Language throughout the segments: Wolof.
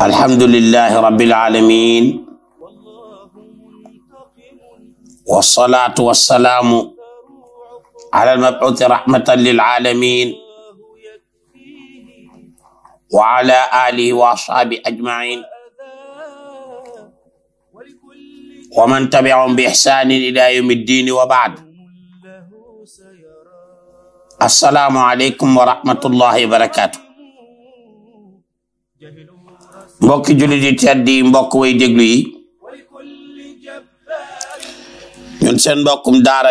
alhamdulillahi rabbil alamin wasalaatu wasalaamu ala almabuuti rahmatan lil alamin wa ala alihi wa ashaabi ajmain wa man tabiahum bi ihsanin ila yawmi ddini wa baad assalaamu aleykum wa rahmatullahi wa barakatuh mbokki jullit yi tedd yi mbokk way déglu yi ñun seen mbokkum daara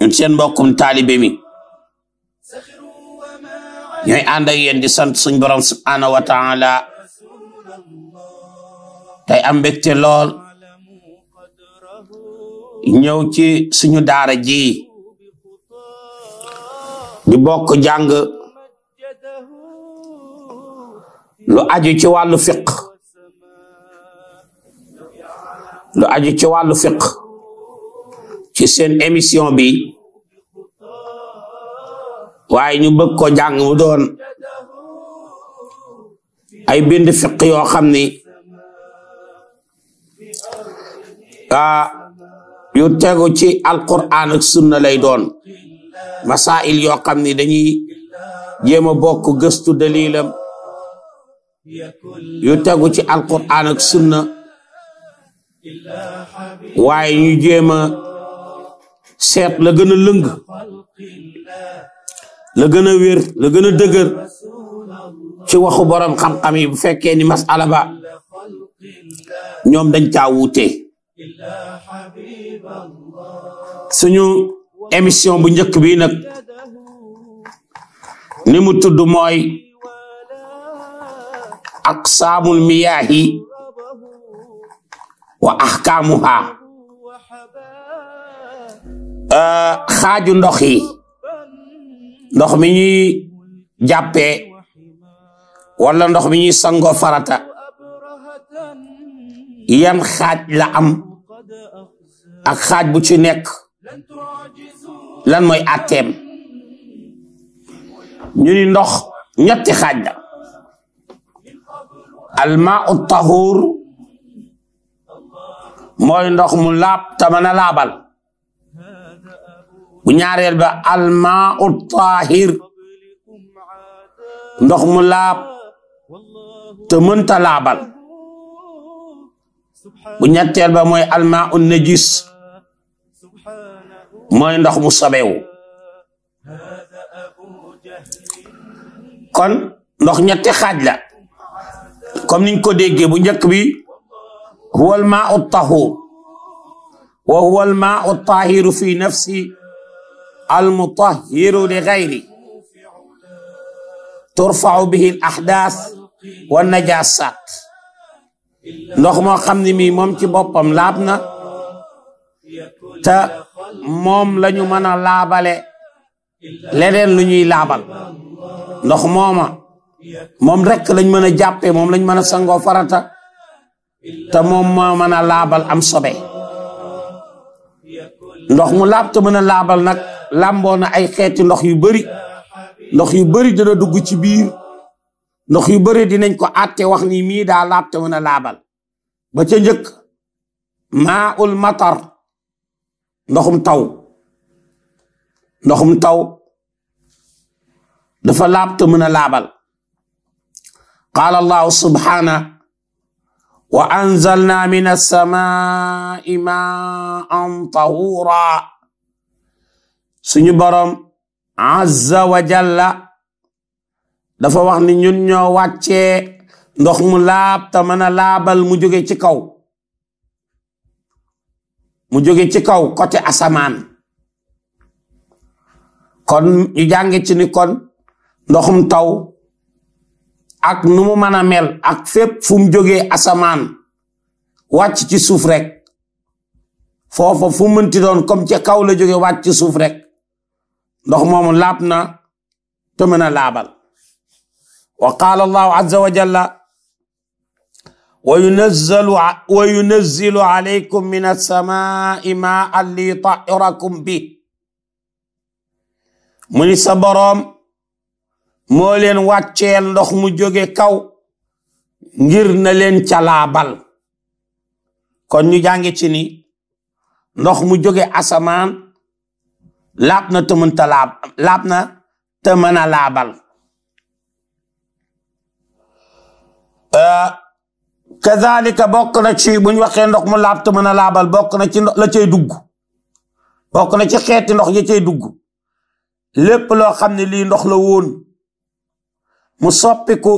ñun seen mbokkum taalibe mi ñooy ànd di sant suñ borom subhaanahu wa taala tey lool ñëw ci suñu daara ji di bokk jàng lu aju ci wàllu fiq lu aju ci wàllu fiq ci seen émission bi waaye ñu bëgg ko jàng mu doon ay bind fiq yoo xam ni ah yu tegu ci alquran ak sunna lay doon masail yoo xam ni dañuy jéem a bokk gëstu dalilam yu tegu ci alquran ak sunna waaye ñu jéem a seet la gën a lëng la gën a wér la gën a dëgër ci waxu borom xam-xam yi bu fekkee ni masala ba ñoom dañ caa wuute suñu émission bu njëkk bii nag ni mu tudd mooy aqsaamul miyaahi wa ahkaamuhaa xaaju ndox yi ndox mi ñuy jàppee wala ndox mi ñuy sango farata yan xaaj la am ak xaaj bu ci nekk lan mooy àtteem ñu ndox ñetti xaaj la almaa u tahuur mooy ndox mu laab te a laabal bu ñaareel ba almaa u taahir ndox mu laab te mënta laabal bu ñetteel ba mooy almaa u najis mooy ndox mu sobewu kon ndox ñetti xaaj la comme niñ ko déggee bu njëkk bi huwa al maau tahur wa huwa al maau tahiru fi nafsi al mutahiru li gayri turfau bihi al ahdaas wa najasat ndox moo xam ne mii moom ci boppam laab na te moom lañu mën a laabale leneen lu ñuy laabal ndox mooma moom rek lañ mën a jàppee moom lañ mën a sangoo farata moom moo mën a laabal am sobe ndox mu laab te mën a laabal nag làmboo na ay xeeti ndox yu bari ndox yu bari dina dugg ci biir ndox yu bari dinañ ko àtte wax ni mii daa laab te mën a laabal ba ca njëkk maa ul matar ndoxum taw ndoxum taw dafa laab te mën laabal qaala allahu subhaana wa anzalna min alsamaai maan tahuura suñu boroom azza wa dafa wax ni ñun ñoo wàccee ndox mu laab te laabal mu jóge ci kaw mu jóge ci kaw côté asamaan kon ñu jànge ci ni kon ndoxum taw ak nu mu mën a mel ak fépp fu mu jógee asamaan wàcc ci suuf rek foofa fu mu mënti doon comme ca kaw la jógee wàcc ci suuf rek ndox moom laab na te mën a laabal wa qaala allahu azza wa jalla wa yunazzalu wa yunazzilu alaykum min as-samaai maa'an li yutahhirakum bi mu ni sa boroom moo leen wàccee ndox mu jóge kaw ngir na leen calaabal kon ñu jànge ci ni ndox mu jóge asamaan laab na te mënta laab laab na te mën a laabal euh, kazalika bokk na ci buñ waxee ndox mu laab te mën a laabal bokk na ci ndox la cay dugg bokk na ci xeeti ndox ya cay dugg lépp loo xam ne lii ndox la woon mu soppiku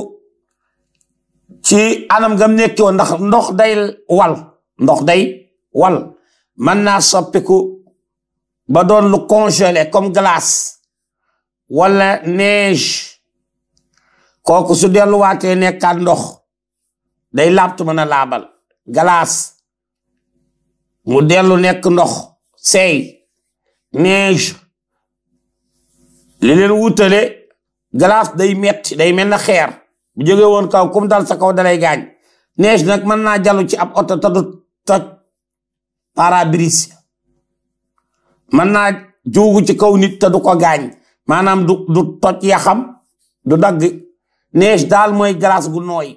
ci anam gam nekki ndax ndox day wal ndox day wal mën naa soppiku ba doon lu congelé comme glace wala neige kooku su delluwaatee nekkaat ndox day laabtu mën laabal glace mu dellu nekk ndox seey neige li wutale galaas day metti day mel na xeer bu jógee woon kaw comme dal kaw dalay gaañ neige nag mën naa jalu ci ab oto te du toj pare-brise mën naa juugu ci kaw nit te du ko gaañ maanaam du du toj yaxam du dagg neige daal mooy galaas gu nooy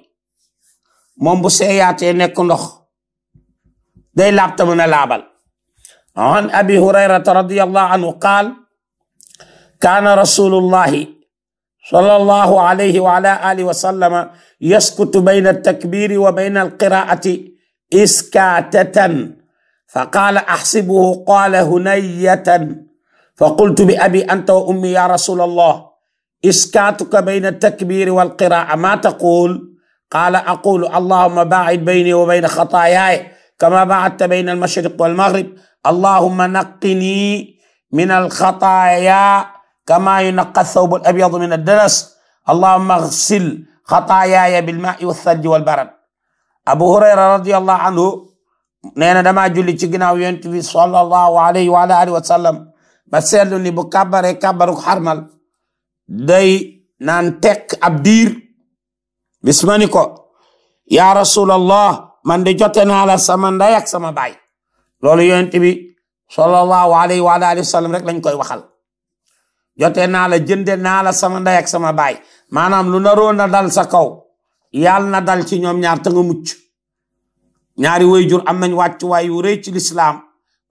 moom bu seeyaatee nekk ndox day laab te mën a laabal an abi hurayrata radiyallahu anhu qaal kaana rasulullahi sallallahu alayhi wa ala alihi wa sallama yaskutu bayna altakbiri wa bayna alqiraati iskaatatan fa qaala axsibuhu qaala hunayatan fa qultu bi abi anta wa ummi ya rasul allah iskaatuka bayna altakbiri walqiraa ma taqul qaala aqulu allahuma baacid bayni wa bayna xataayaay kama baacadta bayna almashriq walmagrib allahuma naqini min alxataaya kama yunaqqa thawbul abyadu min ad-danas allahumma ighsil xataayaaya bilmaa'i wassalji walbarad abu hurayra radiyallahu anhu nee na damaa julli ci ginnaaw yonent bi sallallahu alayhi wa alihi wa sallam ba seetlu ni bu kàbbaree kàbbaruk xarmal day naan tekk ab diir bisma ni ko yaa rasulallah man de jote naa la sama nday ak sama baay loolu yonent bi sallallahu alayhi wa alihi wa sallam rek lañ koy waxal jotee naa la jënde naa la sama ndey ak sama baay maanaam lu naroon na dal sa kaw yàlla na dal ci ñoom ñaar te mucc ñaari way jur am nañ wàccuwaay yu rëy ci lislaam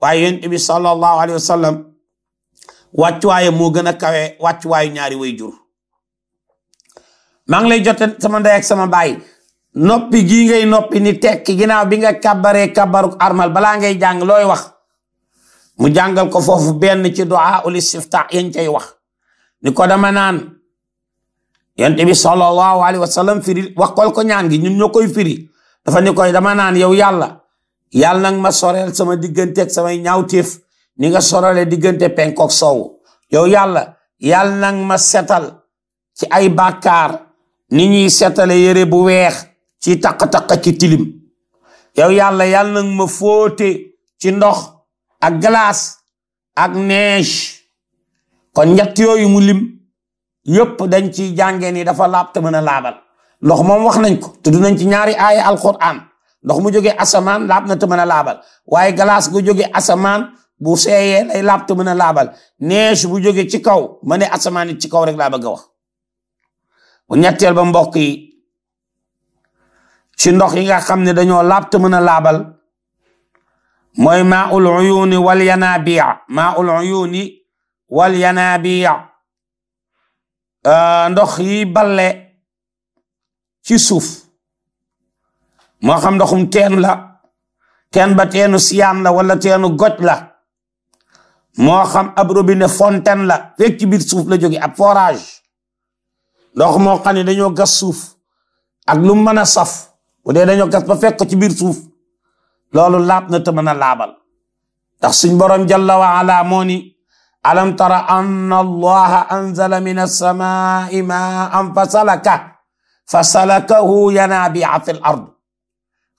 waaye yonent bi sallallahu alayhi wa sallam wàccuwaaye moo gën a kawe wàccuwaayu ñaari wayjur maa ngi lay jote sama ndey sama baay noppi gii ngay noppi ni tekki ginnaaw bi nga kabaree kabar armal balaa ngay jàng looy wax mu jàngal ko foofu benn ci du'a ul istifta yañ cay wax ni ko dama naan yonent bi sallallahu alayhi wa sallam firi waxal ko ñaan gi ñun ñoo koy firi dafa ni koy dama naan yow yàlla yàlla nag ma sorel sama diggante ak samay ñaawteef ni nga sorale diggante penk sow yow yàlla yàlla nag ma setal ci ay bàkkaar ni ñuy setale yére bu weex ci taq-taq ci tilim yow yàlla yàlla nag ma foote ci ndox ak glace ak neige kon ñett yooyu mu lim yëpp dañ ci jàngee ni dafa laab te mën a laabal ndox moom wax nañ ko tudd nañ ci ñaari aaya alquran ndox mu jógee asamaan laab na te mën a laabal waaye glace gu joge asamaan bu seeyee lay laab te mën a laabal neige bu jógee ci kaw ma ne asamaan it ci kaw rek laa bëgg wax bu ñetteel ba mbokk yi ci ndox yi nga xam ne dañoo laab te mën a laabal mooy maa ul uyuuni wal yanaabiya maa ul uyuuni wal yanaabi euh, ndox yi balle ci suuf mooxam ndoxum teen la teen ba teenu siyaan la wala teenu goj la moo xam ab robinet fontaine la fekk ci biir suuf la jóge ab forage ndox moo xam ne dañoo gas suuf ak lu mën a saf bu dee dañoo gas ba fekk ci biir suuf loolu laab na te mën a laabal ndax suñ borom jalla wa ala alam tara anna allaha anzala min as-samaa'i maa'an fasalaka fasalakahu yanaabi'a fil ard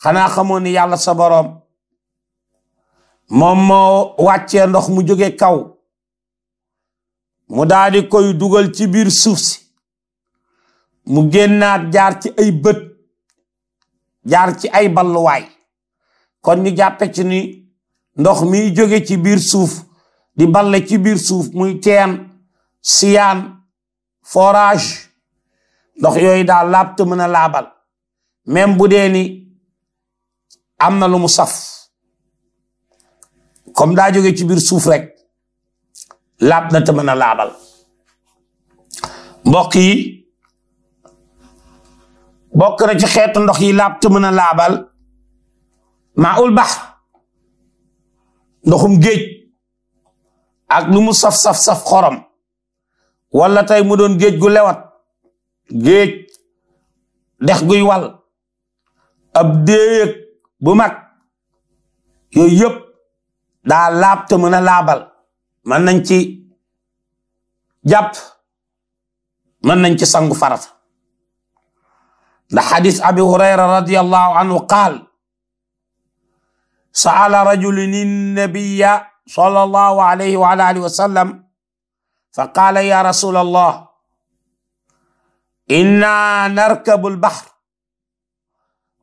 xanaa xamoo ni yàlla sa boroom moom moo wàccee ndox mu jóge kaw mu daadi koy dugal ci biir suuf si mu génnaat jaar ci ay bët jaar ci ay balluwaay kon ñu jàppe ci ni mi jóge ci biir suuf di balle ci biir suuf muy teen siyaan forage ndox yooyu daal laab te mën a laabal même bu dee ni am na lu mu saf comme daa jóge ci biir suuf rek laab na te mën a laabal mbokk yi bokk na ci xeetu ndox yi laab te mën a laabal maa ul bax ndoxum géej ak lu mu saf-saf-saf xorom wala tey mu doon géej gu lewat géej dex guy wal ab déeg bu mag yooyu yëpp daa laab te mën a laabal mën nañ ci jàpp mën nañ ci sangu farata ndax xadis abi hurayra radiallahu anhu qaal saala rajulun innabiya sallallahu alayhi wa alihi wa sallam fa qaala ya rasul allah inna narkabu albahr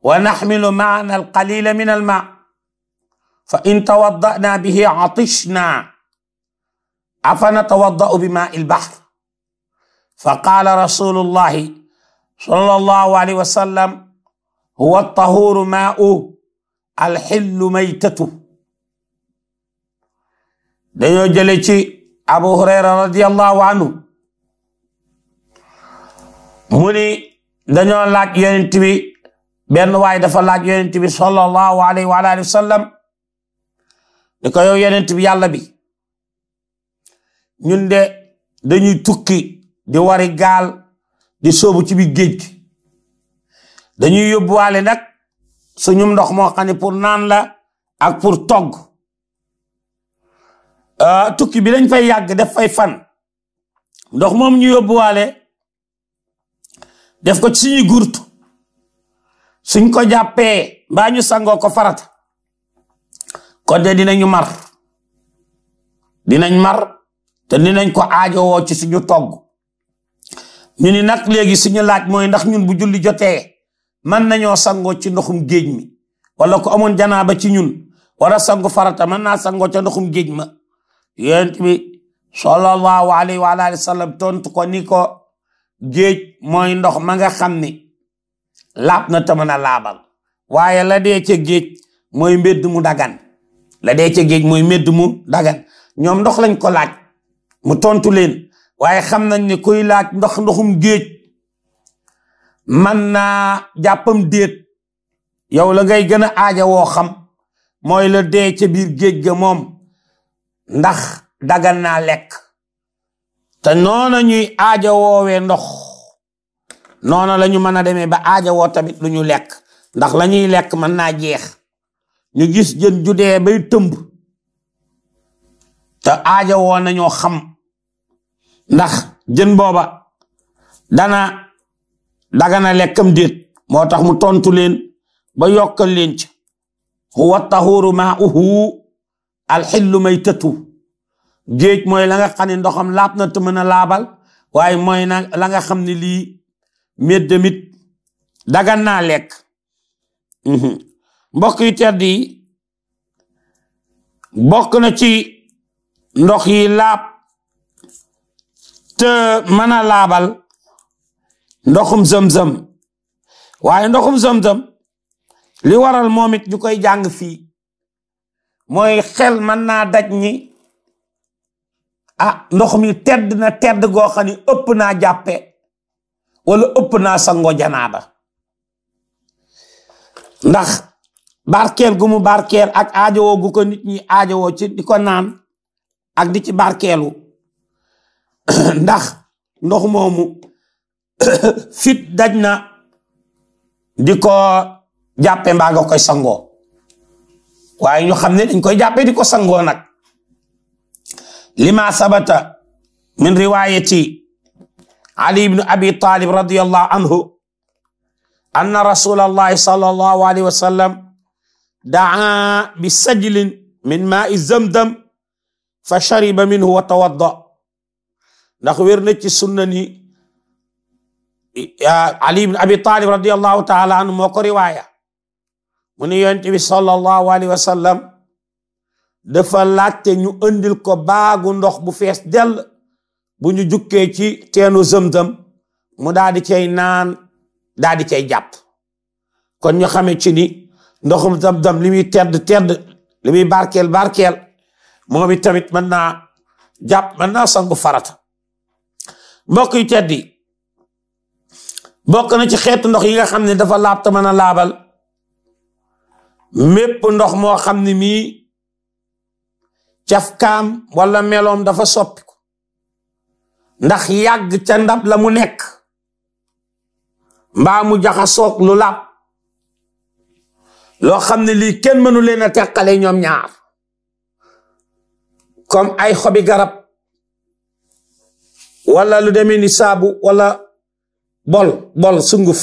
wa naxmilu maana alqalila min alma fa in tawadda'na bihi atishna afanatawadda'u bimaa'i albahr fa qaala rasulu llahi sallallahu alayhi wa sallam huwa attahuru maa'uhu alxillu maytatuhu dañoo jële ci abu hurayra radiyallahu anhu mu dañoo laaj yonent bi benn waay dafa laaj yonent bi sallallahu alayhi wa alihi wa sallam ni ko yow yonent bi yàlla bi ñun de dañuy tukki di wari gaal di sóobu ci bi géej gi dañuy yóbbuwaale nag suñu ndox moo xam ne naan la ak pour togg Euh, tukki bi dañ fay yàgg def fay fan ndox moom ñu yóbbuwaale def ko ci suñu gurt suñ ko jàppee mbaa ñu sangoo ko farata kon de dinañu mar dinañ mar te dinañ ko aajowoo ci suñu togg ñu ni nag léegi suñu laaj mooy ndax ñun bu julli jotee mën nañoo sangoo ci ndoxum géej mi wala ko amoon janaaba ci ñun wala sangu farata mën naa sangoo ca ndoxum géej ma yonent bi sallallahu alayhi wa alihi tontu ko ni ko géej mooy ndox ma nga xam ni laab na ta laabal waaye la dee ca géej mooy mbedd mu dagan la dee ca géej mooy mbedd mu dagan ñoom ndox lañ ko laaj mu tontu leen waaye xam nañ ne kuy laaj ndox ndoxum géej man naa jàppam déet yow la ngay gën a aaja woo xam mooy la dee ca biir géej ga moom ndax dagan naa lekk te noona ñuy aaja woowee ndox noona la ñu mën a demee ba aaja woo tamit lu ñu lekk ndax la ñuy lekk mën naa jeex ñu gis jën judee bay tëmb te aaja woo nañoo xam ndax jën booba dana na lekkam déet moo tax mu tontu leen ba yokkal leen ci huwa tahuru ma uhu alxillu maytatu géej mooy la nga xam ne laab na te mën a laabal waaye mooy na la nga xam ne lii médd mit dagan naa lekk mhm. mbokk yu tedd yi bokk na ci ndox yi laab te mën a laabal ndoxum zëm-zëm waaye ndoxum zëm-zëm li waral moom it koy jàng fii mooy xel mën naa daj ni ah ndox mi tedd na tedd goo xam ni ëpp naa jàppe wala ëpp naa sango janaaba ndax barkel gu mu barkeel ak aajowoo gu ko nit ñi aajowoo ci di ko naan ak di ci barkeelu ndax ndox moomu fit daj na di ko jàppe mbaa koy sangoo waaye ñu xam ne dañ koy jàppee di ko sangoo nag lima sabata min riwayati ali ibn abi talib radiyallahu anhu anna rasulallahi sallallahu alayhi wa sallam daa bi sajlin min maai zamdam fa shariba minhu wa tawadda ndax wér na ci sunna ni ali ibn abi talib radiyallahu taala anhu moo ko riwaaya mu ni yonent bi sallallahu alayhi wa sallam dafa laajte ñu andil ko baagu ndox bu fees dell bu ñu jukkee ci teenu zëm-zëm mu daal di cay naan daal di cay jàpp kon ñu xamee ci ni ndoxum zëm-zëm li muy tedd tedd li muy barkeel barkeel moom it tamit mën naa jàpp mën naa sangu farata mbokk yu tedd na ci xeetu ndox yi nga xam ne dafa laab te mën laabal mépp ndox moo xam ne mii cafkaam walla meloom dafa soppiku ndax yàgg ca ndab la mu nekk mbaamu mu jaxasoog lu làpp loo xam ne lii kenn mënu leen a teqale ñoom ñaar kom ay xobi garab walla lu demee ni saabu walla bol bol sunguf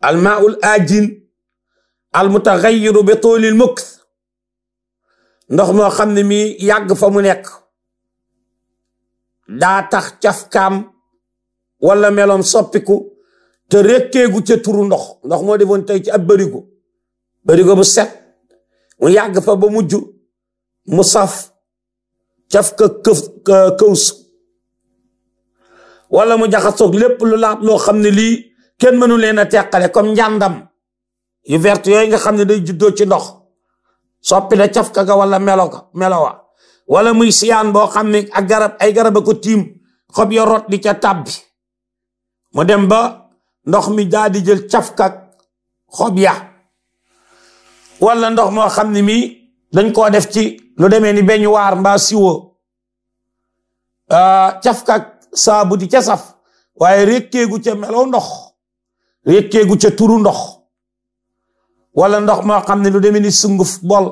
almaul ajin al mutaxayyiru bi tuulil mukk ndox moo xam ne mi yàgg fa mu nekk daa tax cafkaam wala meloom soppiku te rekkeegu ca turu ndox ndox moo defoon te ci ab bërigo bërigo bu set mu yàgg fa ba mujj mu saf caf ka këf këws wala mu jaxasoog lépp lu laat loo xam ne lii kenn mënu leen a teqale comme njàndam yu verte yooyu nga xam ne day juddoo ci ndox soppi na caf kaga wala melo ka melowa wala muy siyaan boo xam ne ak garab ay garab ko tiim xob ya rot di ca tàbbi mu dem ba ndox mi daa di jël caf kag xob ya wala ndox moo xam ne mii dañ koo def ci lu demee ni beñ waar mbaa siwo ah, caf kag saabu di ca saf waaye rékkeegu ca melow ndox rékkeegu ca turu ndox wala ndox moo xam ne lu demee ni sunguf bol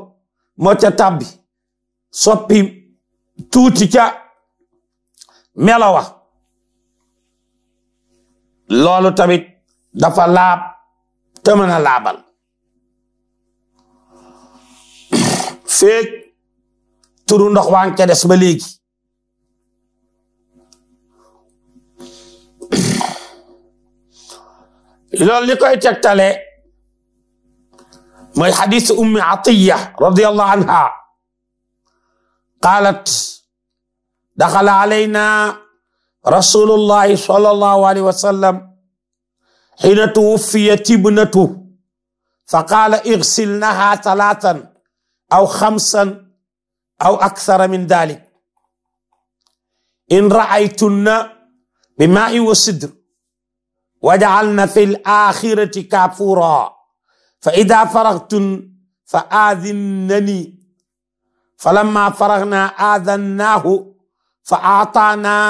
moo ca tàbbi soppi tuuti ca melowa loolu tamit dafa laab te mën a laabal feek turu ndox waa ngi ca des ba léegi loolu li koy tegtale mooy xadis ummi atiya radiyallahu anha qaalat daxala alayna rasulullahi sallallahu alayhi wa sallam xiina tuwuffiyat ibnatu fa qaala igsilnaha talaatan aw xamsan aw akthara min dalik in raaytunna bimaai wa sidr wajaalna fi l axirati kaafuraa fa ida faraxtun fa aadinnani falamma faraxnaa aadannaahu fa aataanaa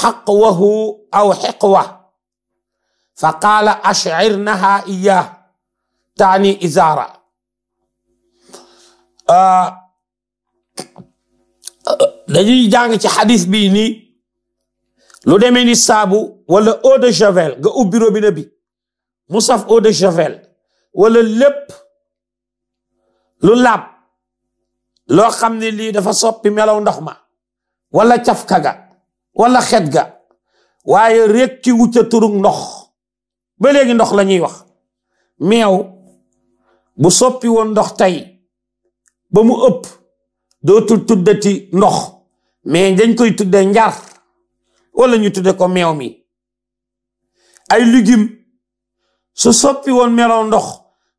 xaqwahu aw xiqwa fa qaala ashcirnaha iyaah taani izaara dañuy jàng ci xadis bii nii lu demee ni saabu wala eau de javel nga ubbi robinet bi mu saf eau de javel wala lépp lu laab loo xam ne lii dafa soppi melaw ndox ma wala cafka ga wala xet ga waaye rekki wu ca turug ndox ba léegi ndox lañuy wax meew bu soppi woon ndox tey ba mu ëpp dootul tuddati ndox mais dañ koy tudde njar wala ñu tudde ko meew mi ay légumes su soppi woon melow ndox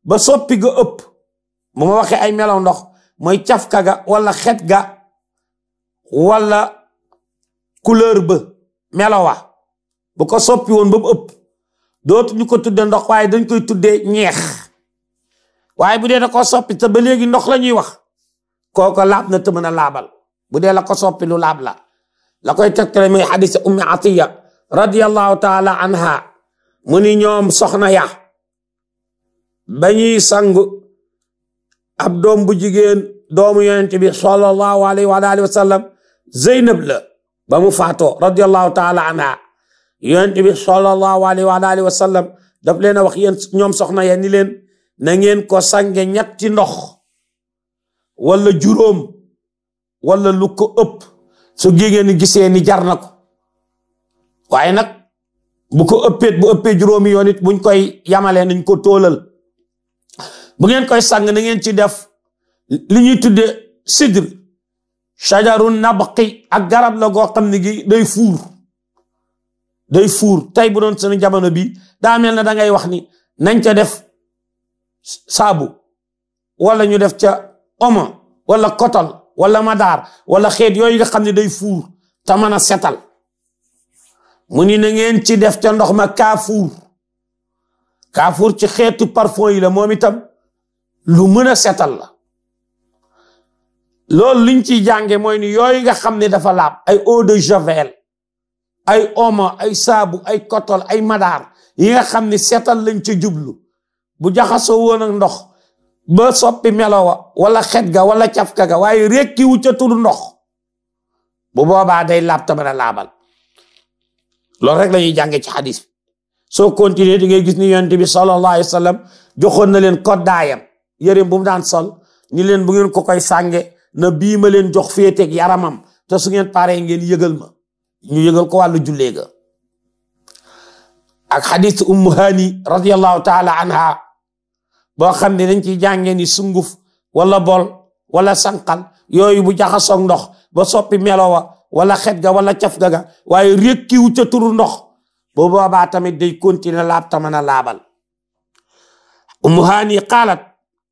ba soppi ga ëpp bu ma waxe ay melaw ndox mooy cafka ga wala xet ga wala couleur ba melowa bu ko soppi woon ba mu ëpp dootu ñu ko tudde ndox waaye dañ koy tudde ñeex waaye bu dee da ko soppi te ba léegi ndox la ñuy wax kooko laab na te mën a laabal bu dee la ko soppi lu laab la la koy tegtale muy xadisa ummi atiya radiyallahu taala anha mu ni ñoom soxna ya ba ñuy sangu ab doom bu jigéen doomu yonent bi sallallahu alayhi wa alihi wa sallam zeynab la ba mu faatoo radiallahu taala anha yonent bi sallallahu alayhi wa alihi wa sallam daf leen a wax yéen ñoom soxna ya ni leen na ngeen ko sange ñetti ndox wala juróom wala lu ko ëpp su jigéen gisee ni jar na ko waaye nag bu ko ëppee bu ëppee juróomi yoon it buñ koy yamalee nañ ko tóolal bu ngeen koy sàng na ngeen ci def li ñuy tudde sidr nab nabqi ak garab la goo xam ne gi day fuur day fuur tey bu doon seen jamono bi daa mel na da ngay wax ni nañ ca def saabu wala ñu def ca omo wala kotal wala madar wala xeet yooyu nga xam ne day fuur te mën a setal mu ni na ngeen ci def ca ndox ma kaafuur kaafuur ci xeetu parfum yi la moom itam lu mën a setal la loolu liñ ciy jànge mooy ni yooyu nga xam ne dafa laab ay eau de javel ay omo ay saabu ay kotol ay madaar yi nga xam ne seetal lañ ca jublu bu jaxasoo woon ndox ba soppi melowa wala xet ga wala cafka ga waaye rekkiwu ca tudd ndox bu boobaa day laab tamit a laabal loolu rek la ñuy jàngee ci xadis soo continuer di ngay gis ni yonent bi sallallahu alayhi wa sallam joxoon na leen koddaayam yëreem bu mu daan sol ni leen bu ngeen ko koy sànge na bii leen jox féeteeg yaramam te su ngeen paree ngeen yëgal ma ñu yëgal ko wàllu jullee ga ak xadis ummu hani radiyallahu taala anha boo xam ne dañ ciy jàngee ni sunguf walla bol wala sanqal yooyu bu jaxasoog ndox ba soppi melowa wala xet ga wala caf ga ga waaye rékkiwu ca turu ndox bu boobaa tamit day continuer laab ta mën a laabal ummu haani qaalat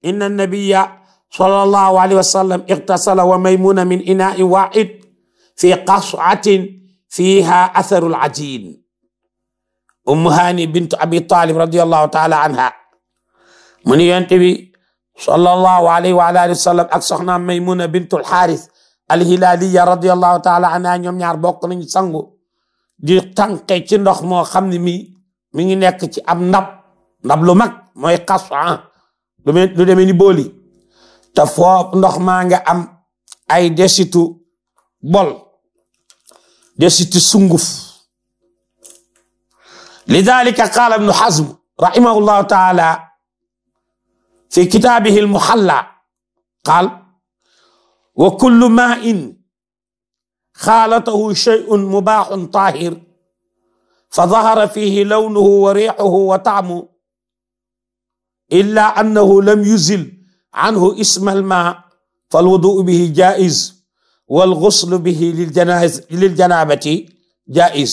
inna annabiya sallallahu alayhi wa sallam iqtasala wa maymuna min inaa'in waahid fi qas'atin fiiha atharul ajiin ummu haani bintu abi talib radiyallahu taala anha mu ni yonent bi sallallahu alayhi wa alihi wa sallam ak soxnaam maymuna bintul xaaris alhilaaliya radiallahu taala anha ñoom ñaar bokk nañ sangu di tànqe ci ndox moo xam ne mi mi ngi nekk ci am ndab ndab lu mag mooy xasan ah, lu demee ni booli te foo ndox maa nga am ay desitu bol desitu sunguf lidalika qaala ibnu xazm rahimahu llahu taala fi kitaabihi almuxalla qaal wa kullu ma in xaalatahu shay'un mubaaxun taahir fa dahara fiihi lawnuhu wa riixuhu wa taamu illa annahu lam yuzil anhu isma almaa falwuduu bihi jaiz walguslu bihi liljanabati jaiz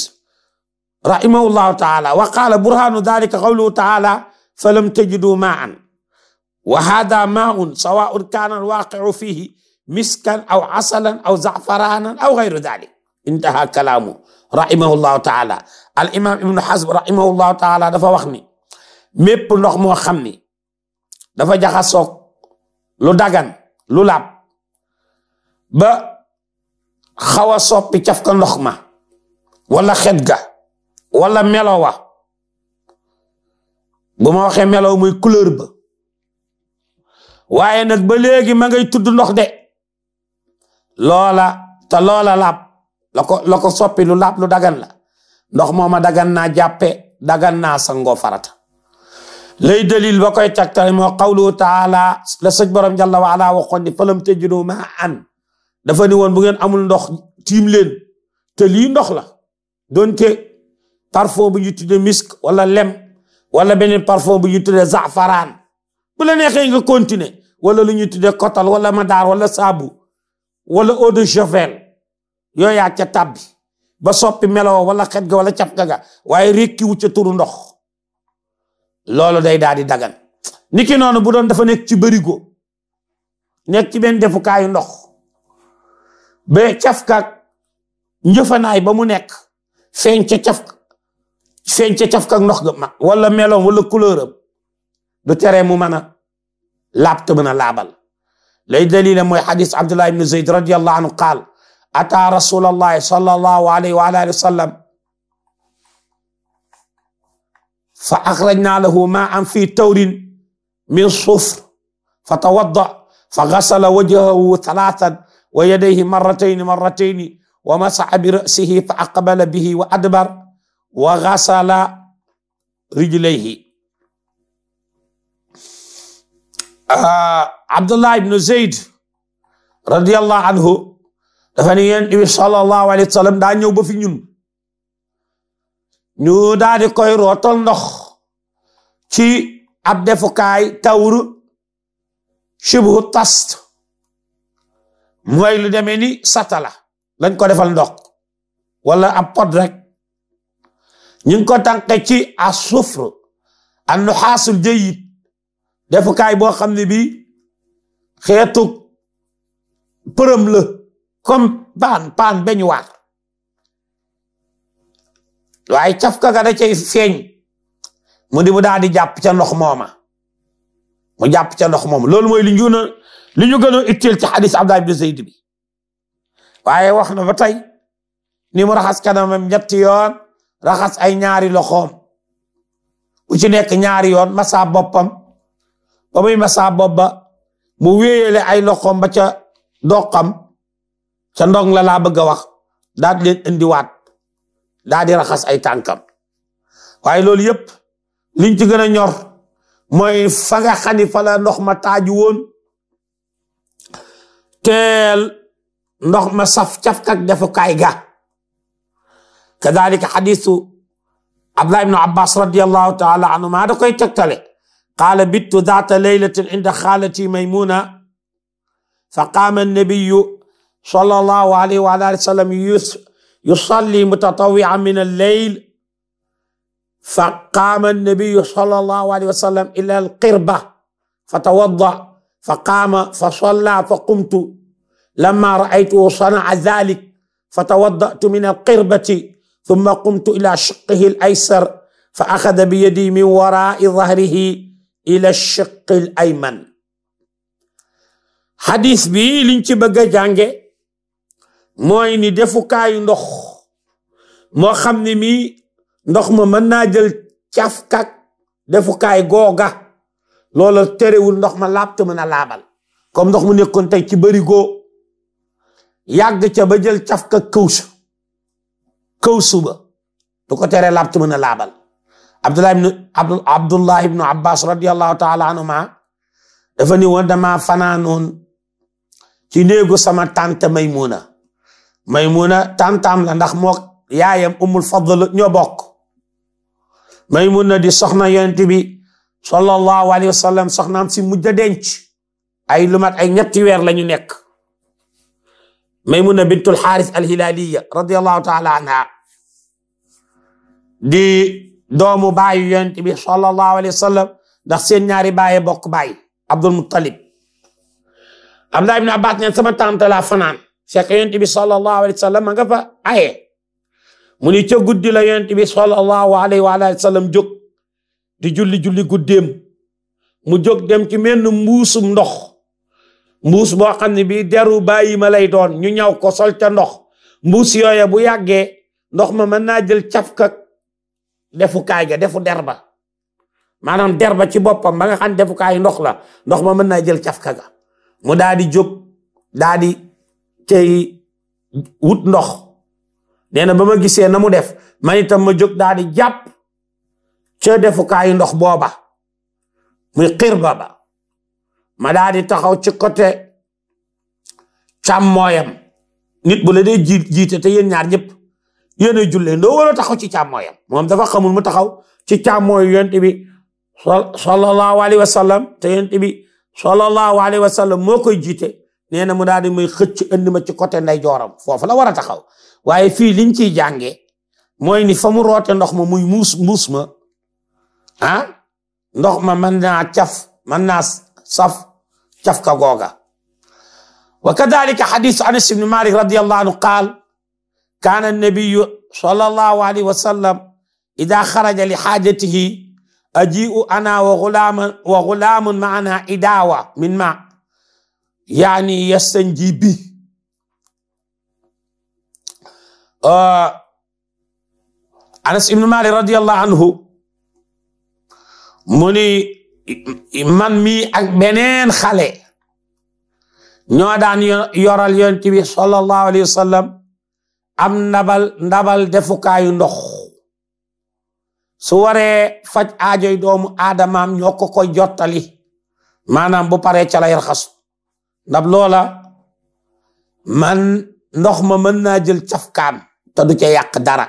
rahimahu llahu taala wa qaala burhaanu dalika qawluhu taala falam tajiduu maan wa hada maaun sawaun kaana alwaaqiu fiihi miskan aw asalan aw zafaraanan aw gayru dalik intaha kalaamu rahimahullahu taala al imam ibnu xasb rahimahullahu taala dafa wax ni mépp ndox moo xam ni dafa jaxasoog lu dagan lu laab ba xaw a soppi caf ka ma wala xet ga wala melo bu ma waxee melo muy couleur ba waaye ba léegi ma ngay tudd de loola ta loola laab la ko la ko soppi lu laab lu dagan la ndox mooma dagan naa jàppe dagan naa sangoo farata lay dalil ba koy tegtale moo qawluhu taala la sëj borom jalla wa ala waxoon ni falam tajidu dafa ni woon bu ngeen amul ndox tiim te lii ndox la donte parfum bu ñu tuddee misk wala lem wala beneen parfum bu ñu tuddee zafaraan bu la neexee nga continuer wala lu ñu tuddee kotal wala madaar wala sabu wala eau de javel yooyu yaa ca tàbbi ba soppi meloo wala xet ga wala cap ga ga waaye rekki wu ca turu ndox loolu day daal di dagan niki noonu bu doon dafa nekk ci bërigo nekk ci benn defukaayu ndox ba caf kaak ba mu nekk feeñ ca caf feeñ ca caf ndox ga ma wala meloom wala couleur am du mu mën a laab mën a laabal lay dalilam mooy xadis abdullah ibnu zeyd radiallahu anhu qaal ataa rasulallahi sallallahu alayhi wa alihi wa sallam fa axrajna lahu maan fi tawrin min sufr fa tawadda fa gasala wajhahu talaatan wa yadayhi marratayni marratayni wa masaxa bi rasihi fa aqbala bihi wa adbar wa gasala rijlayhi Ah, Abdullah ibn Zayd radiyallahu anhu dafa ni yonent bi sallallahu alayhi wa sallam daa ñëw ba fi ñun ñu daal di koy rootal ndox ci ab defukaay tawru shibhu tast mooy lu demee ni satala lañ ko defal ndox wala ab pot rek ñu ngi ko tànqe ci asufr an nuxaasul jayib defukaay boo xam ne bii xeetu përëm la comme paan paan waaye cafka ga da cay feeñ mu di mu daal di jàpp ca ndox mooma mu jàpp ca ndox mooma loolu mooy li ñu li ñu gën a utile ci xadis Abdullah ibn Zayd bi waaye wax na ba tey ni mu raxas kanamam ñetti yoon raxas ay ñaari loxoom bu ci nekk ñaari yoon masa boppam ba muy masaa bopp ba mu wéyale ay loxoom ba ca doqam ca ndong la laa bëgg a wax daal di leen indiwaat di raxas ay tànkam waaye loolu yëpp liñ ci gën a ñor mooy fa nga xam ni ndox ma taaju woon teel ndox ma saf cafkak defukaay ga kadalika xadisu Abdullah ibnu Abbas radiyallahu taala anhuma da koy tegtale qaala bittu daata laylatin inda xaalati maymuna fa qaama annabiyu sallallahu alayhi wa alihi wa sallam yusalli mutatawian min alleyl fa qaama annabiyu sallallahu alayhi wa sallam ila alqirba fa tawadda fa qaama fa salla fa qumtu lamma raaytuhu sanaa dalik fa tawaddatu min alqirbati thumma qumtu ila shiqihi alaysar fa axada biyadi min warai dhahrihi ila shiqil ayman hadis bi liñ ci bëgg a jànge mooy ni defukaayu ndox moo xam ne mii ndox ma mën naa jël cafkak defukaay googa loola terewul ndox ma laab te mën a laabal comme ndox mu nekkoon tey ci bërigoo yàgg ca ba jël cafkak këwsu këwsu ba ko tere laab te mën a laabal Abdullah ibnu Abdullah ibnu Abbas radiyallahu taala anhuma dafa ni woon dama fanaanoon ci néegu sama tante Maymuna Maymuna tantam la ndax moo yaayam Ummul Fadl ñoo bokk Maymuna di soxna yonent bi sallallahu alayhi wa sallam soxnaam si mujj a denc ay lu mat ay ñetti weer la ñu nekk Maymuna bintul Xaaris al-Hilaaliya taala anha di doomu baayu yonent bi sallallahu alayhi wa sallam ndax seen ñaari baaye bokk baay Abdul Muttalib Abdullah ibn Abbas ne sama tante fanaan fekk yonent bi sallallahu alayhi wa sallam nga fa mu ni ca guddi la yonent bi sallallahu alayhi wa alihi wa di julli julli guddeem mu jóg dem ci menn mbuusu ndox mbuus boo xam ne bii deru bàyyi ma lay doon ñu ñaw ko sol ca ndox mbuus yooya bu yàggee ndox ma mën naa jël cafka defukaay ga defu derba maanaam derba ci boppam ba nga xam defukaayu ndox la ndox ma mën naa jël cafka ga mu daa di jóg daa di cay wut ndox nee na ba ma gisee na mu def man itam ma jóg daa di jàpp ca defukaayu ndox booba muy xirba ba ma daa taxaw ci côté càmmooyam nit bu la dee jiite te yéen ñaar ñëpp yéenay jullee ndoo war a taxaw ci càmmooyam moom dafa xamul mu taxaw ci càmmooyu yonent bi sallallahu alayhi wa sallam te yonent bi sallallahu alayhi wa sallam moo koy jiite nee na mu daal di may xëcc andi ma ci côté nday jooram foofu la war a taxaw waaye fii liñ ciy jàngee mooy ni fa mu roote ndox ma muy muus muus ma ah ndox ma mën naa caf mën naa saf caf ka googa wa kadalika xadisu anas ibni malik radiallahu anhu qaal kaana nabiyu sallallahu alayhi wa sallam ida xaraja li xaajatihi ajiu ana wa gulaamun wa gulaamun maana idaawa min ma yaani yastanji bi anas ibnu malik radiyallahu anhu mu ni man mi ak beneen xale ñoo daan yoral yonent bi sallallahu alayhi wa sallam am ndabal ndabal defukaayu ndox su waree faj aajoy doomu aadamaam ñoo ko koy jottali maanaam bu paree ca lay raxasu ndab loola man ndox ma mën naa jël cafkaam te du ca yàq dara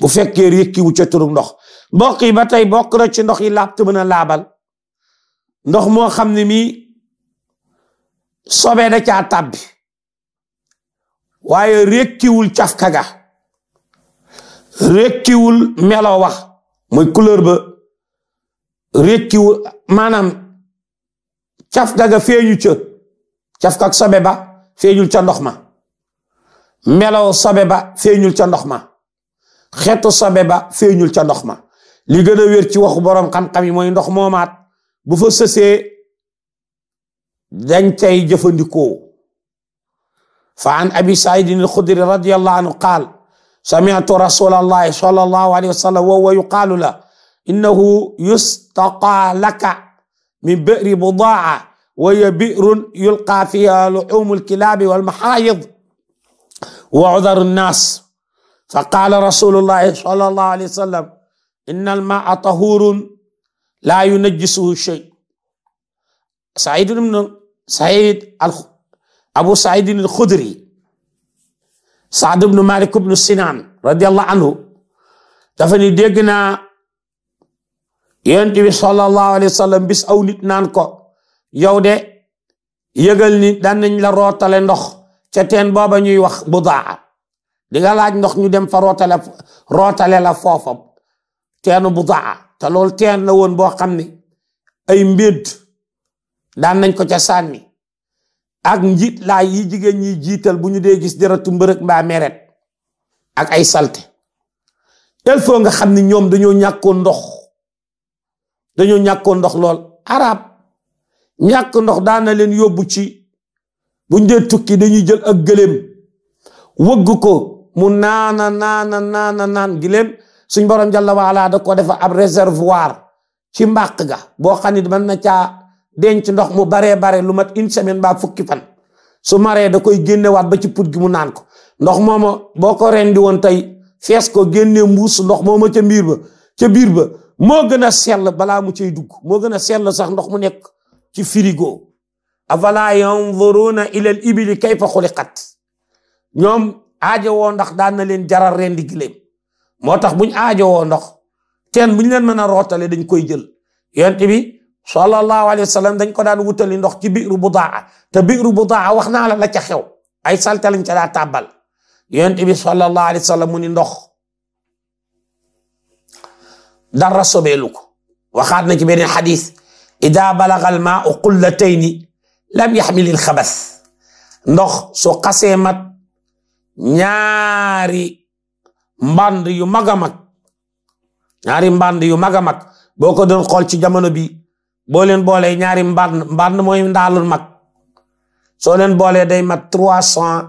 bu fekkee yëkki wu ca turu ndox mbokk ba tey bokk na ci ndox yi laab te mën laabal ndox moo xam ne mii sobe da caa tàbbi waaye rékkiwul cafka ga rékkiwul melo wax muy couleur ba rékkiwul maanaam cafka ga feeñu ca cafka sobe ba feeñul ca ndox ma melo sobe ba feeñul ca ndox ma xeetu sobe ba feeñul ca ndox ma li gën a wér ci waxu borom xam-xam yi mooy ndox moomaat bu fa sësee dañ cay jëfandikoo fa an abi saidin alxudri radiallahu anhu qaal samitu rasul allahi sal allahu alayhi wa sallam wa huwa yuqaalu la innahu yustaqa laka min bi'ri budaa wa hiya bi'run yulqa fiha luhumu alkilaabi walmahaayid wa udaru annaas faqaala rasulullahi sal allahu alayhi wa sallam inna almaa tahurun laa yunajjisuhu shay said ibn said al Abu Saïdin al-Khudri Saad ibnu Malik ibnu Sinaan radiyallahu anhu dafa ni dégg naa yonent bi sallallahu alayhi wa sallam bis aw nit naan ko yow de yëgal ni daan la rootale ndox ca teen booba ñuy wax budaa di nga laaj ndox ñu dem fa rootale rootale la foofa teenu budaa te loolu teen la woon boo xam ne ay mbéd daan nañ ko ca saan sànni ak njiit laa yi jigéen ñi jiital bu ñu dee gis deratu mbërëg mbaa meret ak ay salte il nga xam ni ñoom dañoo ñàkkoon ndox dañoo ñàkkoon ndox lool arab ñàkk ndox daana leen yóbbu ci bu ñu dee tukki dañuy jël ak gëléem wëgg ko mu naana naana naana naan giléem suñ borom jàlla waala da ko defa ab réservoir ci mbàq ga boo xam ni na caa denc ndox mu baree bare lu mat une semaine ba fukki fan su maree da koy génnewaat ba ci put gi mu naan ko ndox mooma boo ko rendi woon tey fees ko génne mbuus ndox mooma ca mbiir ba ca biir ba moo gën a sell balaa mu cay dugg moo gën a sell sax ndox mu nekk ci firigo afala yanzuruna ila al ibili kayfa xuliqat ñoom aajo woo ndox daan na leen jaral rendi giléem moo tax buñ aajo woo ndox teen buñ leen mën a rootale dañ koy jël yonent bi sallallahu alayhi wa sallam dañ ko daan wutali ndox ci biiru budaa te biiru budaa wax naa la la ca xew ay salte ca daa taabal yonent bi sallallahu alayhi wa sallam mu ndox dara sobeelu ko waxaat na ci beneen xadis ida balaga al maau qullatayni lam yaxmil il ndox su xasee ñaari mband yu mag a mag ñaari mband yu mag a mag boo ko doon xool ci jamono bi boo leen boolee ñaari mbànd mbànd mooy ndaalul mag soo leen boolee day mat trois cent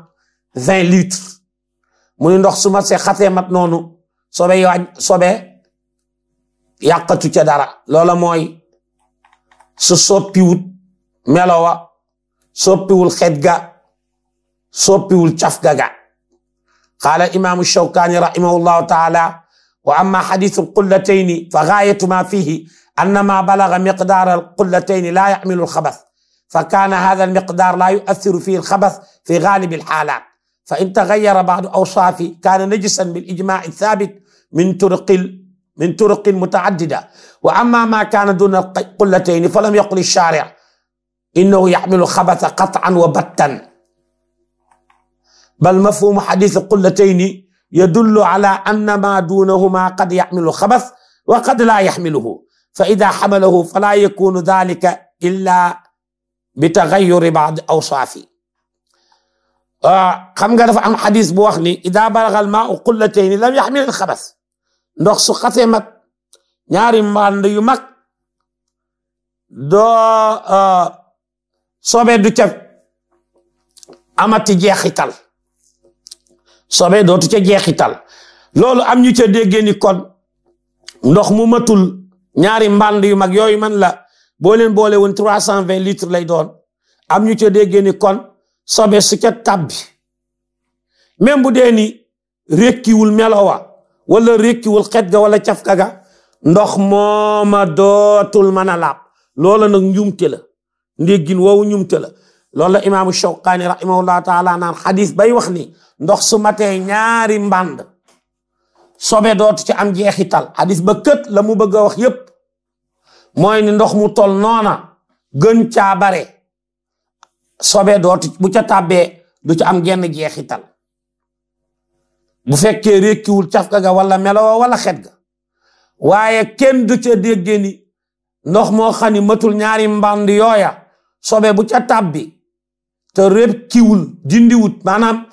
vingt litres mu ni ndox su ma see xasee mat noonu sobe waaj sobe yàqatu ca dara loola mooy su soppiwut melowa soppiwul xet ga soppiwul caf ga ga qaala imaamu rahimahullahu taala wa amma xadiisu qullatayni fa gaayatu ma fihi annama balaga miqdaar alqullatayn laa yaxmilu alxabas fa kaana hada almiqdaar laa yuassiru fi alxabas fi gaalibi alxaalaat fa in tagayara baadu awsaafi kaana najisan bil ijmaaci thaabit min turuqil min turuqin mutaaddida wa amma ma kaana duna alqullatayn falam yaqul alshaaric innahu yaxmilu xabasa qatan wa battan bal mafhumu xadiisi alqullatayn yadullu ala anna ma duunahumaa qad yaxmilu xabas wa qad laa yaxmiluhu fa ida xamalahu fala yakunu dalika illa bi taxayuri baad awsaafi xam nga dafa am xadis bu wax ni ida balagal maa u qullatayni lam yaxmil al xabas ndox su xasee mag ñaari mbànd yu mag doo euh, soobee du ca amati jeexital soobee dootu ca jeexital loolu am ñu ca déggee ni kon ndox mu matul ñaari mbànd yu mag yooyu man la boo leen boole woon trois cent vingt litre lay doon am ñu ca déggee ni kon sobe su ca tabbi même bu dee ni rékkiwul melowa wala rékkiwul xet ga wala cafka ga ndox mooma dootul mën a laab loola nag njumte la ndéggin woowu njumte la loolu la imaamu Shawqaani rahimahullah taala naan xadis bay wax ni ndox su matee ñaari mbànd sobe dootu ci am jeexital hadis ba kët la mu bëgg a wax yépp mooy ni ndox mu tol noona gën caa bare sobe dootu bu ca tàbbee du ci am genn jeexital bu fekke rekkiwul cafka ga wala melowa wala xet ga waaye kenn du ca déggee ni ndox moo xam ni matul ñaari mband yooya sobe bu ca tàbbi te rékkiwul dindiwut maanaam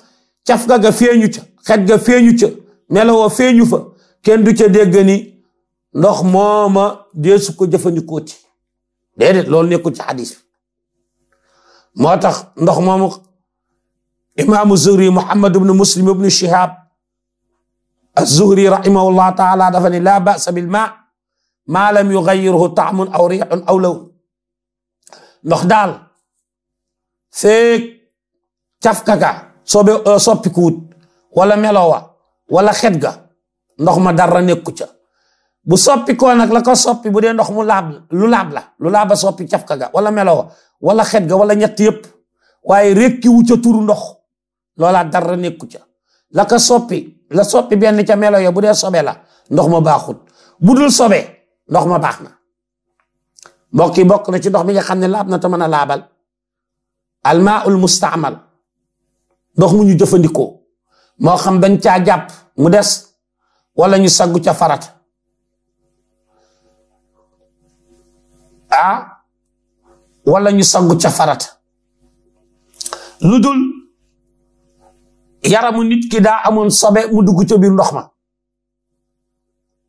cafka ga feeñu ca xet feeñu ca nelawoo feeñu fa kenn du ca dégg ni ndox mooma deesu ko jëfandikoo ci déedéet loolu nekkul ci xadis bi moo tax ndox moomu imaamu zuhri muhammad ibnu muslim ibnu shihab az-zuhri rahimahullah taala dafa ne laa basa bil ma maa lam yugayyirhu taamun aw riixun aw lawn ndox daal feeg cafkaka sobe soppikuwut wala melowa wala xet ga ndox ma dara nekku ca bu soppi ko nag la ko soppi bu dee ndox mu laab lu laab la lu laaba soppi cafka ga wala melowa wala xet ga wala ñett yëpp waaye rekki wu ca turu ndox loola dara nekku ca laka soppi la soppi benn ca melo bu dee sobe la ndox ma baaxut bu dul sobe ndox ma baax na mbokk yi bokk na ci ndox mi nga xam ne laab na te mën a laabal almaa ul ndox mu ñu jëfandikoo moo xam dañ caa mu des wala ñu saggu ca farata ah walla ñu saggu ca farata lu dul yaramu nit ki daa amoon sobe mu dugg ca biir ndox ma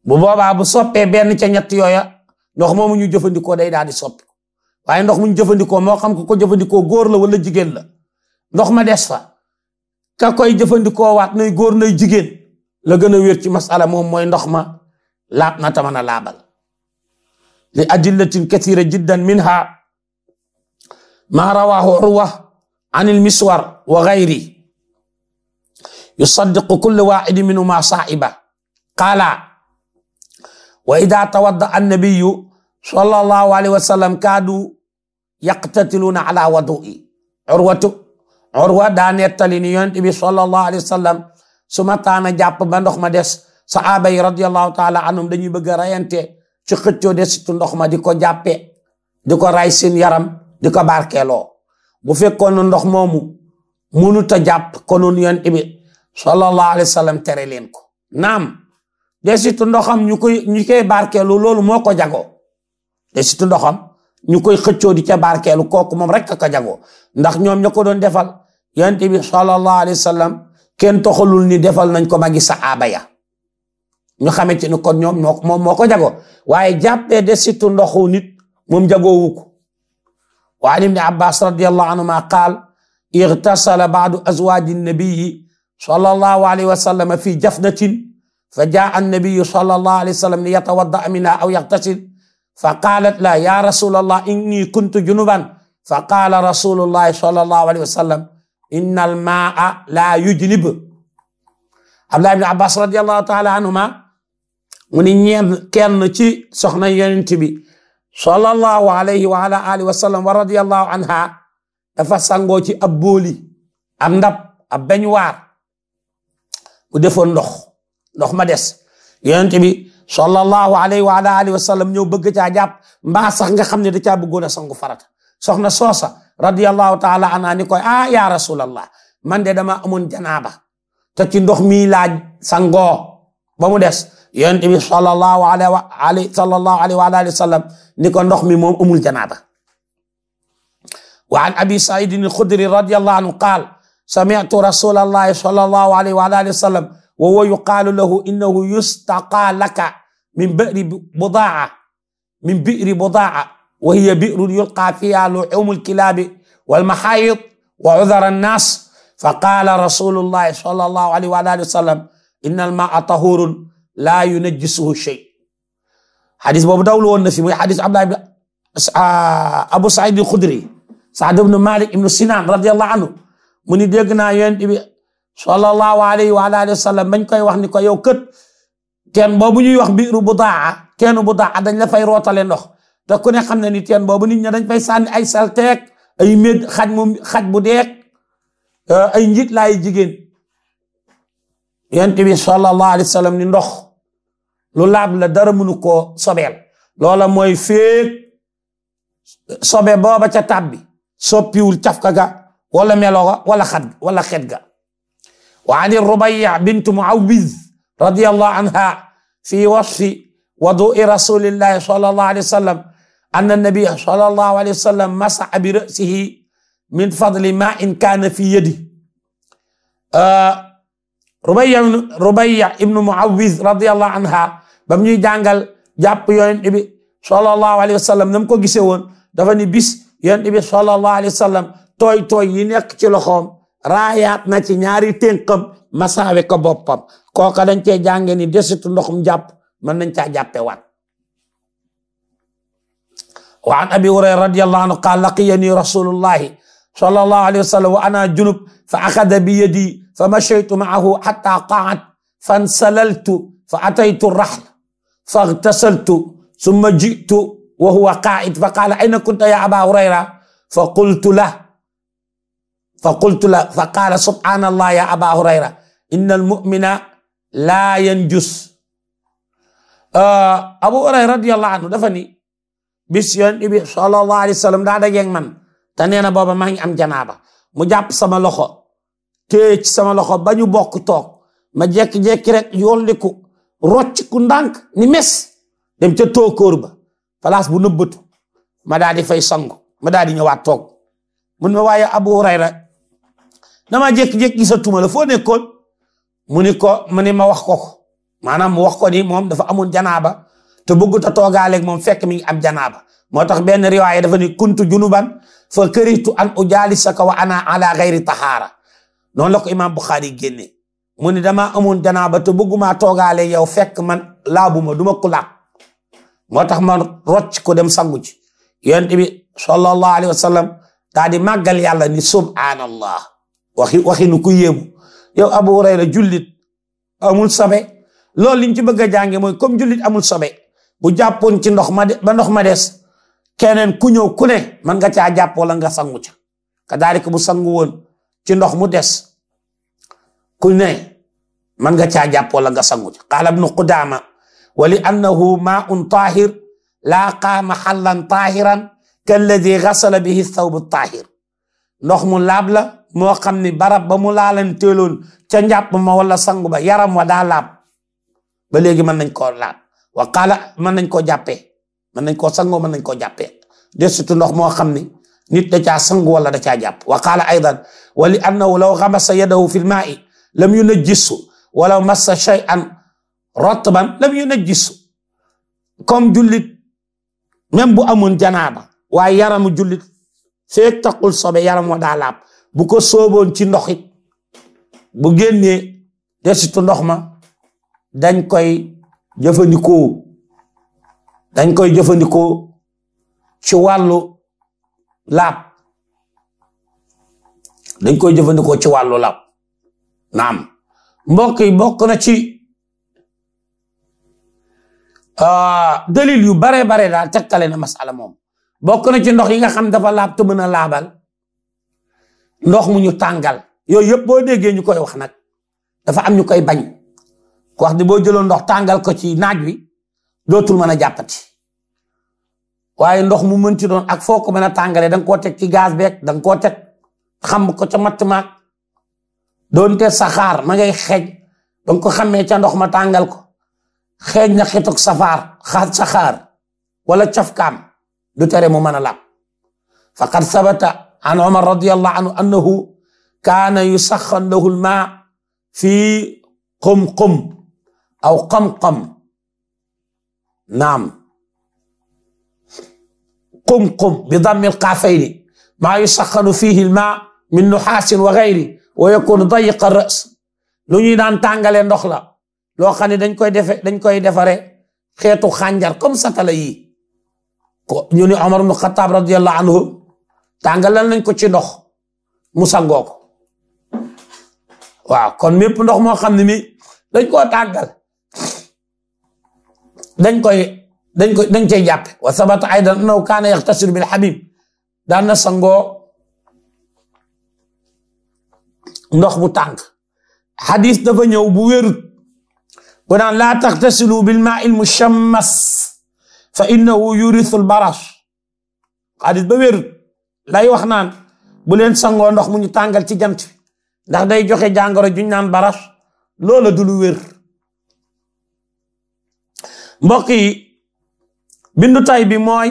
bu boobaa bu soppee benn ca ñett yooya ndox moomu ñu jëfandikoo day daal di soppi waaye ndox mu jëfandikoo moo xam ku ko jëfandikoo góor la walla jigéen la ndox ma des fa ka koy jëfandikoo waat na góor nay jigéen la gën a wér ci masala moom mooy ndox ma laab na tamana laabal li adillatin kathira jiddan minha ma rawahu urwa an il miswar wa gayri yusaddiqu kullu waxidi minhuma saaiba qaala wa ida tawadda annabiyu sallallahu alayhi wa sallam kaadu yaqtatiluuna ala wadui urwatu urwa daa nettali ni yonent bi sallallahu alayhi wa sallam su ma taana jàpp ba ndox ma des saxaaba yi radiyallahu taala anhum dañuy bëgg a rayante ci xëccoo desitu ndox ma di ko jàppe di ko ray seen yaram di ko barkeeloo bu fekkoon ndox moomu munu ta jàpp ko yonent bi sallallahu alayhi wa sallam tere leen ko naam desitu ndoxam ñu koy ñu koy barkeelu loolu moo ko jagoo desitu ndoxam ñu koy xëccoo di ca barkeelu kooku moom rek a ko jagoo ndax ñoom ña ko doon defal yonent bi sallallahu alayhi kenn toxalul ni defal nañ ko magi saxaaba ya ñu xamante ni kon ñoom moom moo ko jago waaye jàppee de surtout ndoxu nit moom jagoowu ko wa an ibni abbas radiallahu anhuma qaal irtasala baadu azwaaji nabiyi sallallahu alayhi wa sallam fi jafnatin fa jaa annabiyu sallallahu alayhi wa sallam li yatawadda minha aw yaxtasil fa qaalat la ya rasulallah inni kuntu junuban fa qaala rasulullahi sallallahu alayhi wa sallam innal maa la yujnib Abdullah ibn Abbas radiyallahu taala anhuma mu ni ñeen kenn ci soxna yonent bi sallallahu alayhi wa ala wa sallam wa radiyallahu anha dafa sangoo ci ab booli ab ndab ab beñuwaar mu defoon ndox ndox ma des yonent bi sallallahu alayhi wa sax nga xam ne da caa bëggoon a sangu farata soxna soosa radiyallahu taala anha ni koy ah ya rasulallah man de dama amoon janaaba te ci ndox mi laaj sangoo ba mu des yonent bi sallallahu alayhi wa alihi sallallahu alayhi wa alihi wa sallam ni ko ndox mi moom amul janaaba wa an abi saidin alxudri radiyallahu anhu qaal sami'tu rasulallahi sallallahu alayhi wa alihi wa sallam wa huwa yuqaalu lahu innahu yustaqa laka min bi'ri budaa min bi'ri budaa wa hiya bi'run yulqaa fiihaa luxuumul kilaabi wal maxaayid wa cudara annaas fa qaala rasuulullaahi sallallaahu alayhi wa aalihi wa sallam innal maa'a tahuurun laa yunajjisuhu shay xadis boobu dawlu woon na fi muy xadis Abdullah ibn Abu Saïd al-Xudri Saad ibn Malik ibn Sinan radiyallaahu anhu mu ni dégg naa yonent bi sallallahu alayhi wa alihi wa sallam bañ koy wax ni ko yow kët teen boobu ñuy wax biiru budaa teenu budaa dañ la fay rootale ndox te ku ne xam na ni boobu ni ña dañ fay sànni ay salteek ay méd xaj mu bu deek eh, ay njit lay jigéen yent bi sallallahu alayhi wa sallam ndox lu laab la dara mënu koo sobeel loola mooy féeg sobe booba ca tab bi soppiwul cafka ga wala meloga wala xat wala xet ga wa ani rubaya bintu muawiz radiallahu anha fi wasfi wadu'i rasulillahi sallallahu alayhi wa anna nabiyya sallallahu alayhi wa sallam masaha bi ra'sihi min fadli ma in kaana fi yadi Rubayya Rubayya ibnu Muawiz radiyallahu anha ba mu ñuy jàngal jàpp yonent bi sallallahu alayhi wa sallam na mu ko gisee woon dafa ni bis yonent bi sallallahu alayhi wa sallam tooy tooy yi nekk ci loxoom raayaat na ci ñaari tënkam masaawe ko boppam kooka dañ cee jàngee ni desitu ndoxum jàpp mën nañ caa jàppewaat wa an abi hurayra radiyallahu anhu qaal laqiyani rasulullahi sallallahu alayhi wa sallam wa ana junub fa axada bi yadi fa mashaytu maahu xata qaat fansalaltu fa ataytu raxl faghtasaltu summa jitu wa huwa qaa'id fa qaala ayna kunta ya aba hurayra fa qultu lahu fa qultu lahu fa qaala subhaanallah ya aba hurayra inna almu'mina laa yanjus abu hurayra radiyallahu anhu dafa ni bis yonent bi sallallahu alayhi wa sallam man te nee na booba maa ngi am janaaba mu jàpp sama loxo téye ci sama loxo ba ñu bokk toog ma jékki-jékki rek yolliku rocc ku ndànk ni mes dem ca tookóor ba place bu nëbbatu ma daa fay sangu ma daa di ñëwaat toog mun ma waaye Abu Hurayra dama jékki-jékki gisatuma la foo nekkoon mu ni ko mu ni ma wax ko ko maanaam mu wax ko ni moom dafa amoon janaaba te bëggut a toogaaleeg moom fekk mi ngi am janaaba moo tax benn riwaaya dafa ni kuntu junuban fa këritu an ujaalisaka wa ana ala gayri tahaara noonu la ko imaam Buxaari génne mu ne damaa amoon janaaba te bëggumaa toogaale yow fekk man laabuma duma ko laab moo tax man rocc ko dem sangu ci yonent bi sallallahu alayhi wa sallam daa di màggal yàlla ni subhanallah waxi waxi ku yéemu yow Abu Hurayra jullit amul sobe loolu liñ ci bëgg a jànge comme jullit amul sobe bu jàppoon ci ndox ma de ndox ma des keneen ku ñëw ku ne mën nga caa jàpp wala nga sangu ca ka kadaalika bu sangu woon ci ndox mu des ku ne mën nga caa jàpp wala nga sangu ca qaala ibnu qudaama wa li annahu maaun taahir laa qaama xallan taahiran kalladi gasala bihi thawbu taahir ndox mu laab la moo xam ni barab ba mu laalanteeloon ca njàpp ma wala sangu ba yaram wa daa laab ba léegi mën nañ koo laab wa qaala mën nañ koo jàppee mën nañ koo sangoo mën nañ koo jàppee de surtout ndox moo xam ni nit da ca sangu wala da caa jàpp wa qaala aydan wa li annahu law xamasa yadahu fi lmaai lam yunajjisu walaw massa shay'an rotban lam yunajjisu comme jullit même bu amoon janaaba waaye yaramu jullit feeg taqul sobe yaram wa daa laab bu ko sooboon ci ndox it bu génnee desitu ndox ma dañ koy jëfandikoo dañ koy jëfandikoo ci wàllu laab dañ koy jëfandikoo ci wàllu laab naam mbokk yi bokk na ci ah, dalil yu bare bare daal tekkale na masala moom bokk na ci ndox yi nga xam dafa laab te mën a laabal ndox mu ñu tàngal yooyu yëpp boo déggee ñu koy wax nag dafa am ñu koy bañ wax di boo jëloon ndox tàngal ko ci naaj wi dootul mën a jàppati waaye ndox mu mënti doon ak foo ko mën a tàngalee da nga koo teg ci gaz beeg da koo teg xam ko ca matt maag doonte saxaar ma ngay xeej da nga ko xamee ca ndox ma tàngal ko xeej na xetuk safaar xaar saxaar wala cafkaam du tere mu mën a laab faqad sabata an omar radiyallahu anhu annahu kaana yusaxan lahu lmaa fi qum qum أو قمقم نعم قمقم بضم القعفين ما يسخن فيه الماء من نحاس وغيره ويكون ضيق الرأس lu ñuy daan tàngalee ndox la loo xam ne dañ koy defe dañ koy defare xeetu xànjar comme satala yi ko ñu ni Omar ibn Khattab radiyallahu anhu tàngalal nañ ko ci ndox mu sangoo ko waaw kon mépp ndox moo xam ne mi dañ koo tàngal dañ koy dañ koy dañ koy jàppe wa sabata aydan annahu kaana yaxtasiru bil xamim daan na sangoo ndox bu tàng xadis dafa ñëw bu wérut bu naan laa taxtasilu bil maa il mushammas fa innahu yurithu l ba wérut lay wax naan bu leen sangoo ndox mu ñu tàngal ci jant bi ndax day joxe jàngoro juñ naan baras loola du lu mbokk yi bindu bi mooy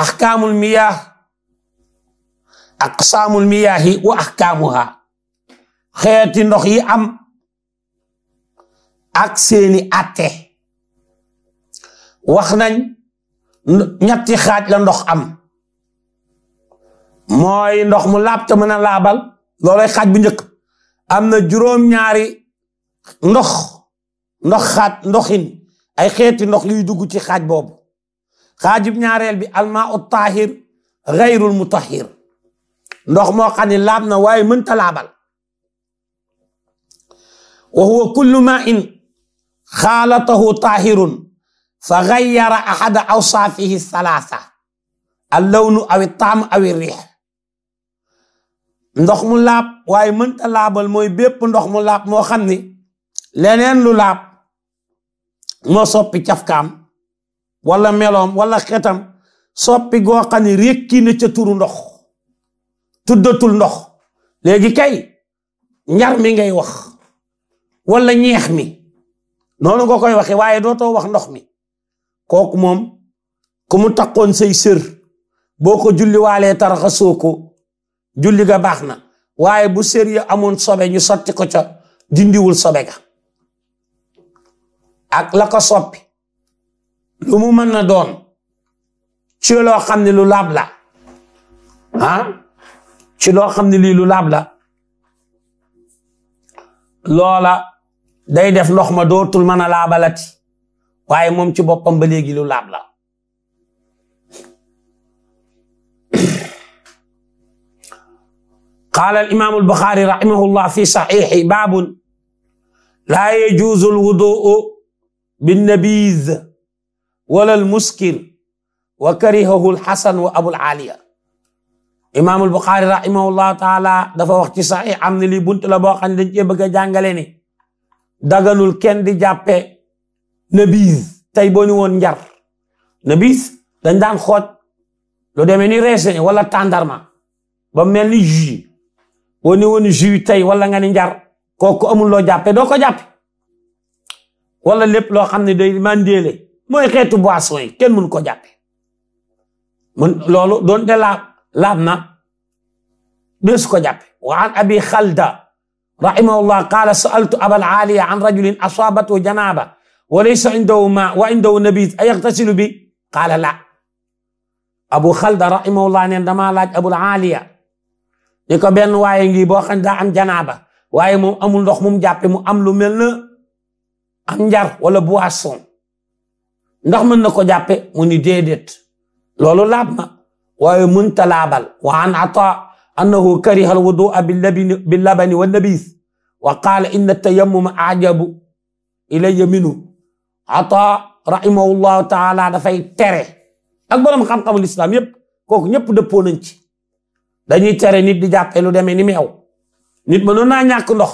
axkaamul miyaah aqsaamul miyaahi wa axkaamuha xeeti ndox yi am ak seeni atte wax nañ ñetti xaaj la ndox am mooy ndox mu laab te mën a laabal loolay xaaj bu njëkk am na juróom-ñaari ndox ndox xaat ndoxin ay xeeti ndox yuy dugg ci xaaj boobu xaajub ñaareel bi almaa ut taahir gayrul mutahir ndox moo xam ne laab na waaye mënta laabal wa huwa kullu ma in xaalatahu taahirun fa gayyara ahada awsaafihi salaasa allawnu aw taam aw riix ndox mu laab waaye mënta laabal mooy bépp ndox mu laab moo xam ni leneen lu laab moo soppi cafkaam walla meloom walla xetam soppi goo xam ne rékki na ca turu ndox tuddatul ndox léegi kay njar mi ngay wax wala ñeex mi noonu nga koy waxe waaye dootoo wax ndox mi kooku moom ku mu takkoon say sër boo ko julli waalee taraxa soo ko julli ga baax na waaye bu sër ya amoon sobe ñu sotti ko ca dindiwul sobe ga ak la ko lu mu mën na doon ci loo xam ne lu laab la ah? ci loo xam ne lii lu laab la loola day def ndox ma dootul mën a laabalati waaye moom ci boppam ba léegi lu laab la qaala alimaamu albuxaari raximahu llah fi saxiixi baabun laa yajuuzu alwuduu binnabiz wala almuskir wa karihahu alxasan wa abul aliya imaam albuxaari rahimahullahu taala dafa wax ci saxi am ne lii bunt la boo xam ne dañ cee bëgg a jàngale ni daganul kenn di jàppe nabiz tey boo ni woon njar nabiz dañ daan xoot loo demee ni reesin wala tàndarma ba mel ni jus boo ni woon tey wala nga ni njar kooku amul loo jàppe doo ko jàppe wala lépp loo xam ne day mandéele mooy xeetu boisson yi kenn mun ko jàppe mun loolu doonte laab laab na dees ko jàppe wa an abi xalda rahimahullah qaala sa'altu abal aaliya an rajulin asaabathu janaaba wa laysa indahu maa wa indahu nabiz a yaxtasilu bi qaala la abu xalda rahimahullah neen damaa laaj abul aaliya ni ko benn waaye ngi boo xam daa am janaaba waaye moom amul ndox mu jàppe mu am lu mel na am njar wala boisson ndax mën na ko jàppe mu ni déedéet loolu laab na waaye mënta laabal wa an ata annahu kariha alwudua billabani wannabis wa qaala inna tayammuma ajabu ilayya minu ata rahimahullahu taala dafay tere ak borom xam-xamul islam yépp kooku ñëpp dëppoo nañ ci dañuy tere nit di jàppee lu demee ni meew nit mënoon naa ñàkk ndox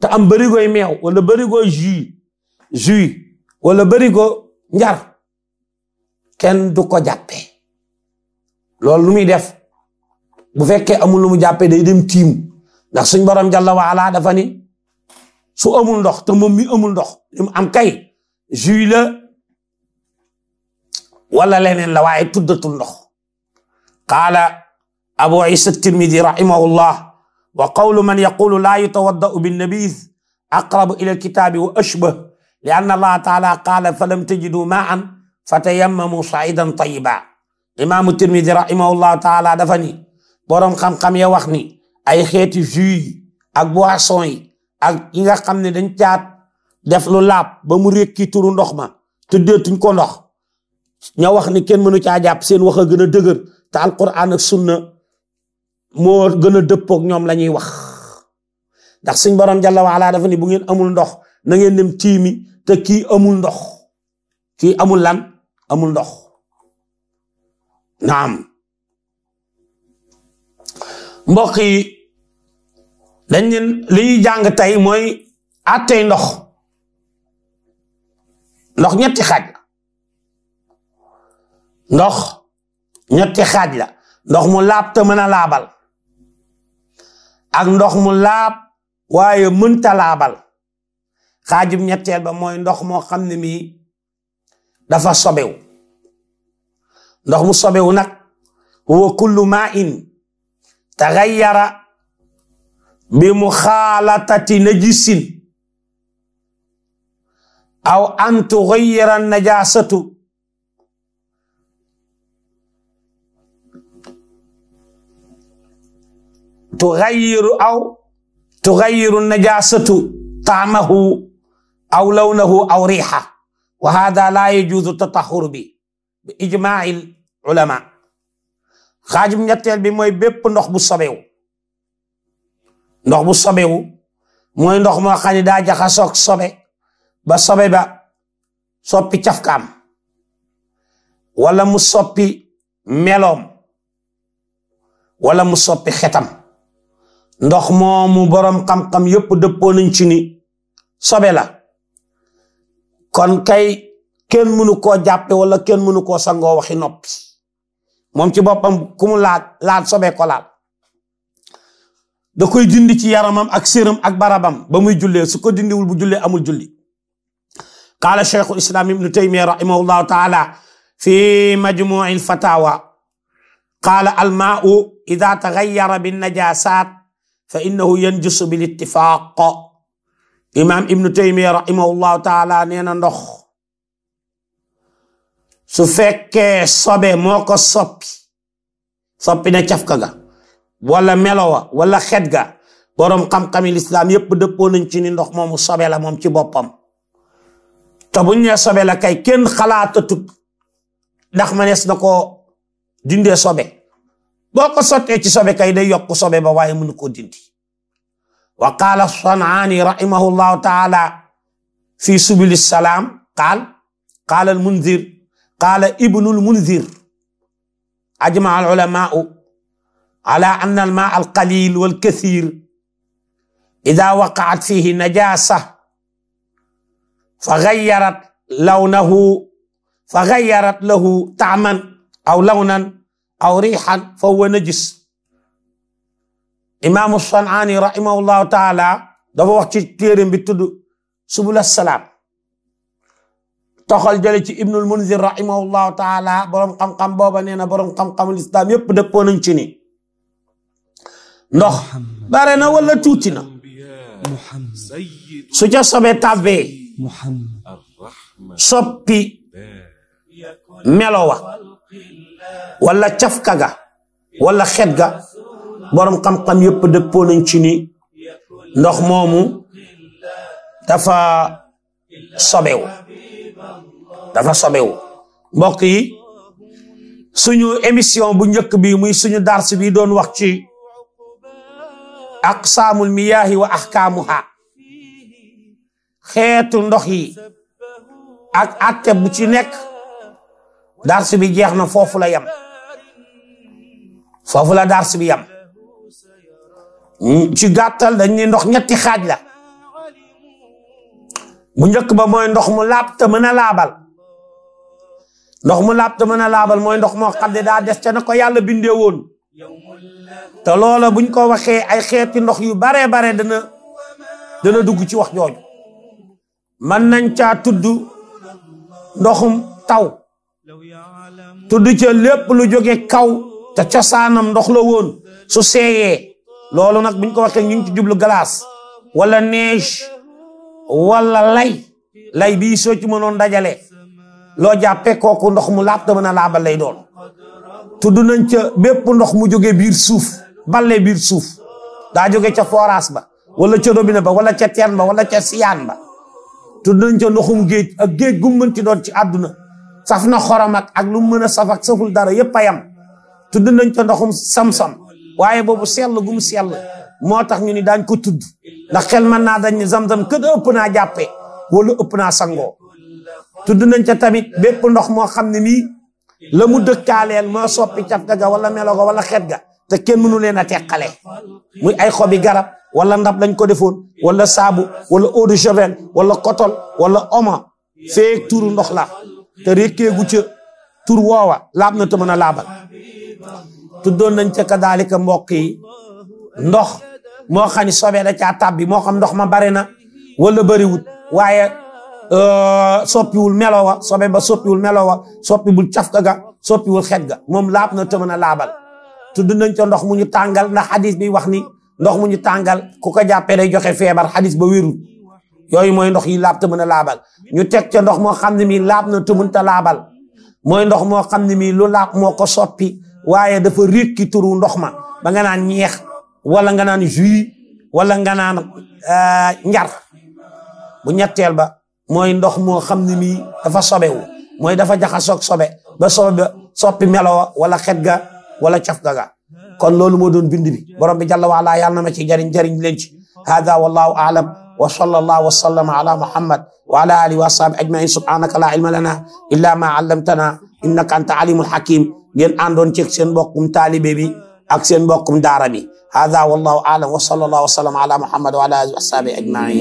te am bërigoy meew wala bërigoy jus jus wala barigo njar kenn du ko jàppee loolu lu muy def bu fekkee amul lu mu jàppee day dem tiim ndax suñ borom jalla waala dafa su amul ndox te moom mi amul ndox li am kay jus la wala leneen la waaye tuddatul ndox qaala abu isa tirmidi rahimahullah wa qawlu man yaqulu laa yutawaddau binnabiz aqrabu ila alkitaabi wa ashbah li anna allaha taala qaala fa lam tajidu maan fa tayammamu saidan tayiba imaamu tirmidi rahimahullahu taala dafa ni boroom xam-xam ya wax ni ay xeeti jus ak boisson yi ak yi nga xam ne dañ caat def lu laab ba mu rékki turu ndox ma tuddeetuñ ko ndox ña wax ni kenn mënu caa jàpp seen wax a gën a dëgër te alquran ak sunna moo gën a dëppoog ñoom la ñuy wax ndax suñ borom jalla waala dafa bu ngeen amul ndox nangeen ngeen dem tiimi te kii amul ndox kii amul lan amul ndox naam mbokk yi dañ leen li jàng tey mooy àttey ndox ndox ñetti xaaj ndox ñetti xaaj la ndox mu laab te mën a laabal ak ndox mu laab waaye mënta laabal xaajub ñetteel ba mooy ndox moo xam ne mi dafa sobew ndox mu sobewu nag wa kullu ma'in taghayyara bi muxaalatati najisin aw an tughayyara najasatu tughayyiru aw tughayyiru najasatu ta'mahu aw lawnahu aw riixa wa hada laa yajuuzu tataxur bi bi ijmail ulama xaajub ñetteel bi mooy bépp ndox bu sobewu ndox bu sobewu mooy ndox moo xam ne daa jaxasoog sobe ba sobe ba soppi cafkaam wala mu soppi meloom wala mu soppi xetam ndox moomu boroom xam-xam yépp dëppoo nañ ci ni sobe la kon kay kenn mënu ko jàppe wala kenn mënu koo sangoo waxi noppi moom ci boppam kumu mu laaj laaj ko laal da koy dindi ci yaramam ak séram ak barabam ba muy jullee su ko dindiwul bu jullee amul julli qaala cheikhul islam ibnu taymia rahimahullahu taala fi majmuci lfatawa qaala almaau ida tagayara binnajasat fa innahu yanjusu bilittifaq imaam ibnu taymiya rahimahullahu taala nee na ndox su fekkee sobe moo ko soppi soppi na cafka ga wala melowa walla xet ga boroom xam-xami lislaam yépp dëppoo nañ ci ni ndox moomu sobe la moom ci boppam te buñ ne sobe la kay kenn xalaatatut ndax manees na koo dindee sobe boo ko sottee ci sobe kay da yokk sobe ba waaye mënu koo dindi wa qaala sanaani rahimahu llahu taala fi subuli salaam qaal qaala almunzir qaala ibnu lmunzir ajmaa alulamaau ala anna almaa alqalil walkathir ida waqaat fihi najasa fa gayyarat lawnahu fa gayyarat lahu taaman aw lawnan aw riixan fa huwa najis imaamu Sanaani rahimahullahu taala dafa wax ci téeréem bi tudd subula salaam toxal jële ci ibnul munzir rahimahullahu taala boroom xam-xam booba nee na boroom xam-xamul islaam yépp dëppoo nañ ci ni ndox bare na wala tuuti na su ca sobe tàbbee soppi melo wa wala cafka ga wala xet ga boroom xam-xam yëpp dëppoo nañ ci ni ndox moomu dafa sobewu dafa sobewu mbokk yi suñu émission bu njëkk bi muy suñu dars bi doon wax ci ak aqsaamul miyaahi wa ahkaamuha xeetu ndox yi ak atte bu ci nekk dars bi jeex na foofu la yam foofu la dars bi yam ci gàttal dañ ni ndox ñetti xaaj la bu njëkk ba mooy ndox mu laab mën a laabal ndox mu laab mën a laabal mooy ndox moo xam ne daa des ca na ko yàlla bindee woon te loola buñ ko waxee ay xeeti ndox yu baree bare dana dana dugg ci wax jooju mën nañ caa tudd ndoxum taw tudd ca lépp lu jóge kaw ca saanam ndox la woon su seeyee loolu nag buñ ko waxee ñu ngi ci jublu glace wala neige wala lay lay bii soo ci mënoon dajale loo jàppee kooku ndox mu laab te mën a doon tuddu nañ ca bépp ndox mu jóge biir suuf balle biir suuf daa jóge ca forage ba wala ca robinet ba wala ca teen ba wala ca siyaan ba tudd nañ ca ndoxum géej ak géej gu mën ci doon ci àdduna saf na xorom ak ak lu mën a saf ak saful dara yëpp a yam tudd nañ ca ndoxum samsam waaye boobu sell gum la moo tax ñu ni daañ ko tudd ndax xel mën naa dañ ni sam zam kë ëpp naa jàppee wala ëpp naa sangoo tudd nañ ca tamit bépp ndox moo xam ne mii la mu dëkkaaleel moo soppi caf ga wala melo ga wala xet ga te kenn mënu leen a teqale muy ay xobi garab wala ndab lañ ko defoon wala saabu wala eau de javel wala kotol wala oma feeg turu ndox la te rekkeegu ca tur woowa laab na te mën a laabal tuddoon nañ ca kadaalika mbokk yi ndox moo xam sobe da caa tàbbi moo xam ndox ma bare na wala bëriwut waaye euh, soppiwul melo wa sobe ba soppiwul melo wa soppiwul cafka ga soppiwul xet ga moom laab na te mën a laabal tudd nañ ca ndox mu ñu tàngal ndax xadis bi wax ni ndox mu ñu tàngal ku ko jàppee day joxe feebar xadis ba wérul yooyu mooy ndox yi laab te mën a laabal ndox moo xam ne mii laab na te mënta laabal mooy ndox moo xam ne mii lu laab moo ko soppi waaye dafa riit ki ndox ma ba nga naan ñeex wala nga naan jus wala nga naan euh, njar bu ñetteel ba mooy ndox moo xam ne mii dafa sobewu mooy dafa jaxasoog sobe ba sobe ba soppi melowa wala xet ga wala caf ga kon loolu moo doon bindi bi borom bi jalla waala yàlla na ma ci jariñ jariñ leen ci hada wallahu aalam wa sallallahu wa sallama ala muhammad wa wala alihi wa ashabi ajmain subhanaka la ma lana illa ma allamtana innaka anta alimul hakim ngeen àndoon ci seen mbokkum taalibe bi ak seen mbokkum daara bi hada wallahu aalam wa sallallahu wa sallam ala muhammad wa ala alihi wa sahbihi ajmain